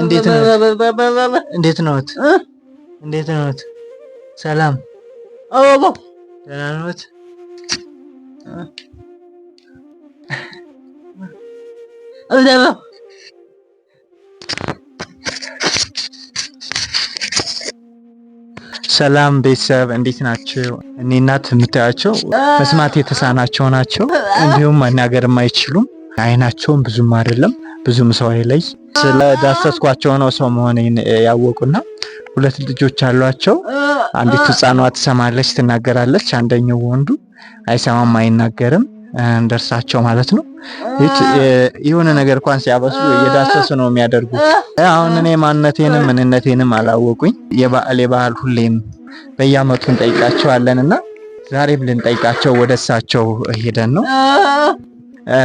እንዴት ነው? እንዴት ነዎት? እንዴት ነዎት? ሰላም ደህና ነዎት? ሰላም ቤተሰብ እንዴት ናቸው? እኔ እናት የምታያቸው መስማት የተሳናቸው ናቸው፣ እንዲሁም መናገርም አይችሉም። አይናቸውን ብዙም አይደለም ብዙም ሰው ላይ ስለዳሰስኳቸው ነው ሰው መሆኔን ያወቁና ሁለት ልጆች አሏቸው። አንዲቱ ህፃኗ ትሰማለች፣ ትናገራለች። አንደኛው ወንዱ አይሰማም፣ አይናገርም እንደርሳቸው ማለት ነው። የሆነ ነገር እንኳን ሲያበስሉ እየዳሰሱ ነው የሚያደርጉት። አሁን እኔ ማንነቴንም ምንነቴንም አላወቁኝ። የበዓል የበዓል ሁሌም በየአመቱ እንጠይቃቸዋለን እና ዛሬም ልንጠይቃቸው ወደ እሳቸው ሄደን ነው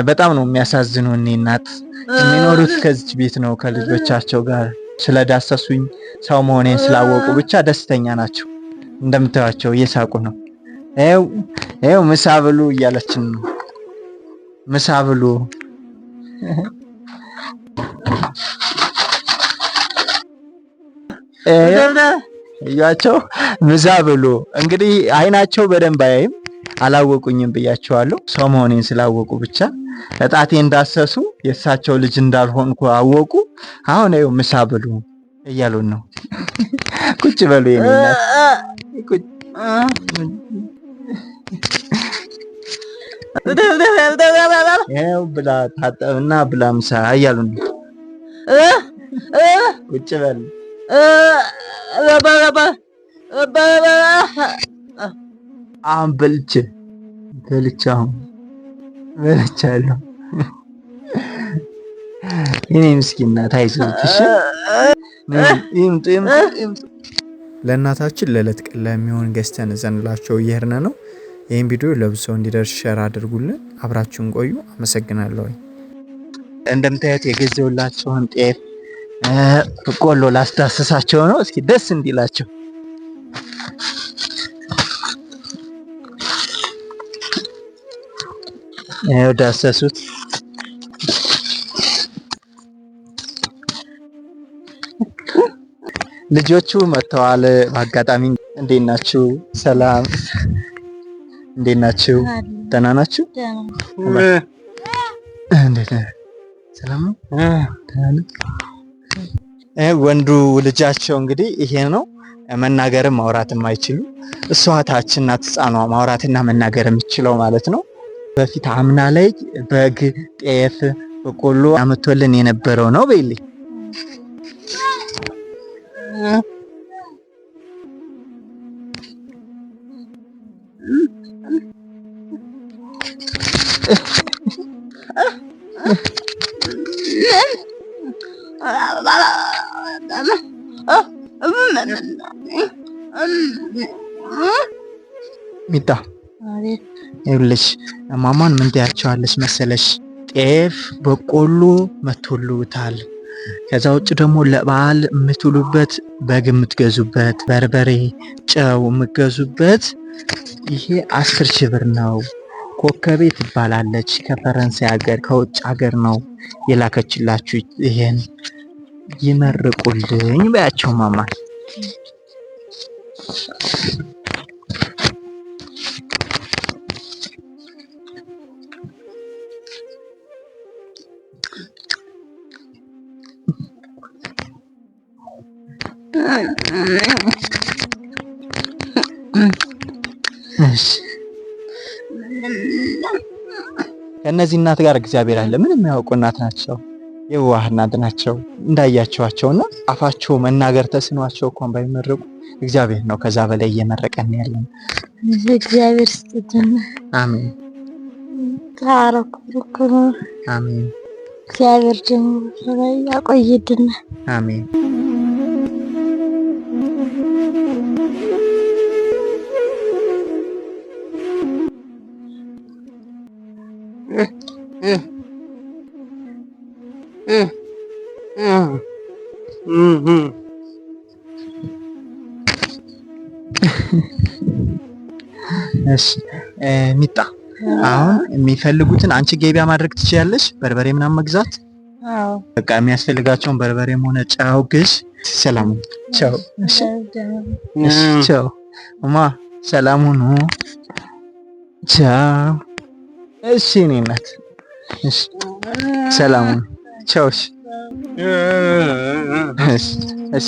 በጣም ነው የሚያሳዝኑ። እኔ እናት የሚኖሩት ከዚች ቤት ነው ከልጆቻቸው ጋር። ስለዳሰሱኝ ሰው መሆኔን ስላወቁ ብቻ ደስተኛ ናቸው። እንደምታዩቸው እየሳቁ ነው። ይኸው ምሳ ብሉ እያለችን ነው። ምሳ ብሉ እያቸው ምሳ ብሉ። እንግዲህ አይናቸው በደንብ አያይም አላወቁኝም ብያቸዋለሁ። ሰው መሆኔን ስላወቁ ብቻ እጣቴ እንዳሰሱ የእሳቸው ልጅ እንዳልሆንኩ አወቁ። አሁን ይኸው ምሳ ብሉ እያሉን ነው። ቁጭ በሉ ብላ ታጠብና ብላ ምሳ እያሉ ነው። ቁጭ በሉ አሁን በልቼ በልቼ አሁን በልቻለሁ። የኔ ምስኪና እናት አይዞሽ። ለእናታችን ለዕለት ቀን ለሚሆን ገዝተን ዘንላቸው እየሄድን ነው። ይህን ቪዲዮ ለብሶ እንዲደርስ ሸር አድርጉልን። አብራችሁን ቆዩ። አመሰግናለሁ። እንደምታዩት የገዘውላቸውን ጤፍ በቆሎ ላስዳሰሳቸው ነው። እስኪ ደስ እንዲላቸው ይኸው ዳሰሱት። ልጆቹ መጥተዋል። በአጋጣሚ እንዴት ናችሁ? ሰላም፣ እንዴት ናችሁ? ደህና ናችሁ? ወንዱ ልጃቸው እንግዲህ ይሄ ነው። መናገርም ማውራትም አይችሉም። እሷ ታች ህፃኗ ማውራትና መናገር የምችለው ማለት ነው። በፊት አምና ላይ በግ፣ ጤፍ፣ በቆሎ አመቶልን የነበረው ነው በይልኝ። ሚጣ ይኸውልሽ ማማን ምን ትያቸዋለሽ መሰለሽ ጤፍ በቆሎ መቶልውታል። ከዛ ውጭ ደግሞ ለበዓል የምትውሉበት በግ የምትገዙበት በርበሬ፣ ጨው የምትገዙበት ይሄ አስር ሺህ ብር ነው። ኮከቤ ትባላለች ከፈረንሳይ ሀገር ከውጭ ሀገር ነው የላከችላችሁ። ይሄን ይመርቁልኝ በያቸው ማማል ከእነዚህ እናት ጋር እግዚአብሔር አለ። ምንም የሚያውቁ እናት ናቸው፣ የዋህ እናት ናቸው። እንዳያቸዋቸውና አፋቸው መናገር ተስኗቸው እንኳን ባይመረቁ እግዚአብሔር ነው ከዛ በላይ እየመረቀን ያለን። እግዚአብሔር ስትጀና አሜን። አሜን። እግዚአብሔር ደግሞ አሜን። ሚጣ አሁን የሚፈልጉትን አንቺ ገቢያ ማድረግ ትችላለች በርበሬ ምናምን መግዛት በቃ የሚያስፈልጋቸውን በርበሬም ሆነ ጫው ግዥ። ሰላም ቻው፣ እማ ሰላም ሁኑ፣ ቻው። እሺ የእኔ እናት እሺ፣ ሰላም ቻው። እሺ እሺ